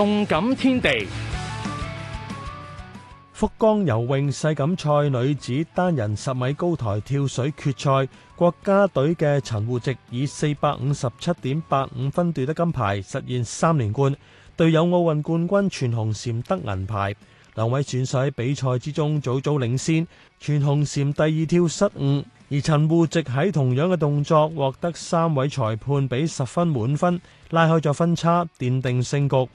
動感天地，福岡游泳世錦賽女子單人十米高台跳水決賽，國家隊嘅陳芋汐以四百五十七點八五分奪得金牌，實現三連冠。隊友，奧運冠軍全紅嬋得銀牌。兩位選手喺比賽之中早早領先，全紅嬋第二跳失誤，而陳芋汐喺同樣嘅動作獲得三位裁判俾十分滿分，拉開咗分差，奠定勝局。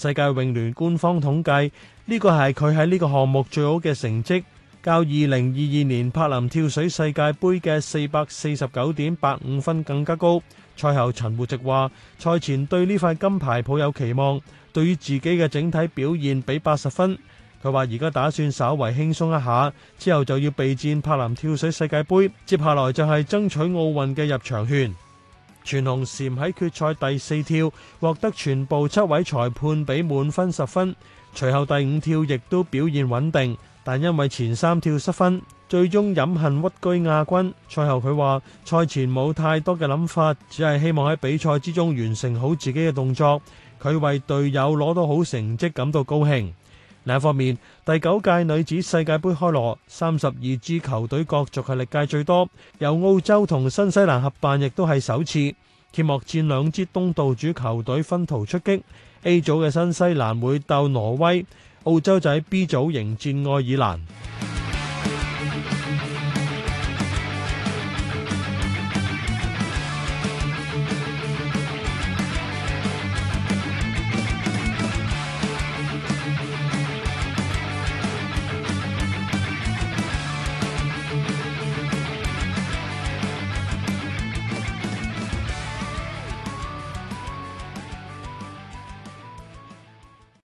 世界泳聯官方統計，呢個係佢喺呢個項目最好嘅成績，較二零二二年柏林跳水世界杯嘅四百四十九點八五分更加高。賽後陳芋汐話：賽前對呢塊金牌抱有期望，對於自己嘅整體表現俾八十分。佢話而家打算稍為輕鬆一下，之後就要備戰柏林跳水世界杯，接下來就係爭取奧運嘅入場券。全紅嬋喺決賽第四跳獲得全部七位裁判俾滿分十分，隨後第五跳亦都表現穩定，但因為前三跳失分，最終飲恨屈居亞軍。賽後佢話：賽前冇太多嘅諗法，只係希望喺比賽之中完成好自己嘅動作。佢為隊友攞到好成績感到高興。另一方面，第九屆女子世界杯開鑼，三十二支球隊角逐係歷屆最多，由澳洲同新西蘭合辦，亦都係首次。揭幕戰，兩支東道主球隊分途出擊，A 組嘅新西蘭會鬥挪威，澳洲就喺 B 組迎戰愛爾蘭。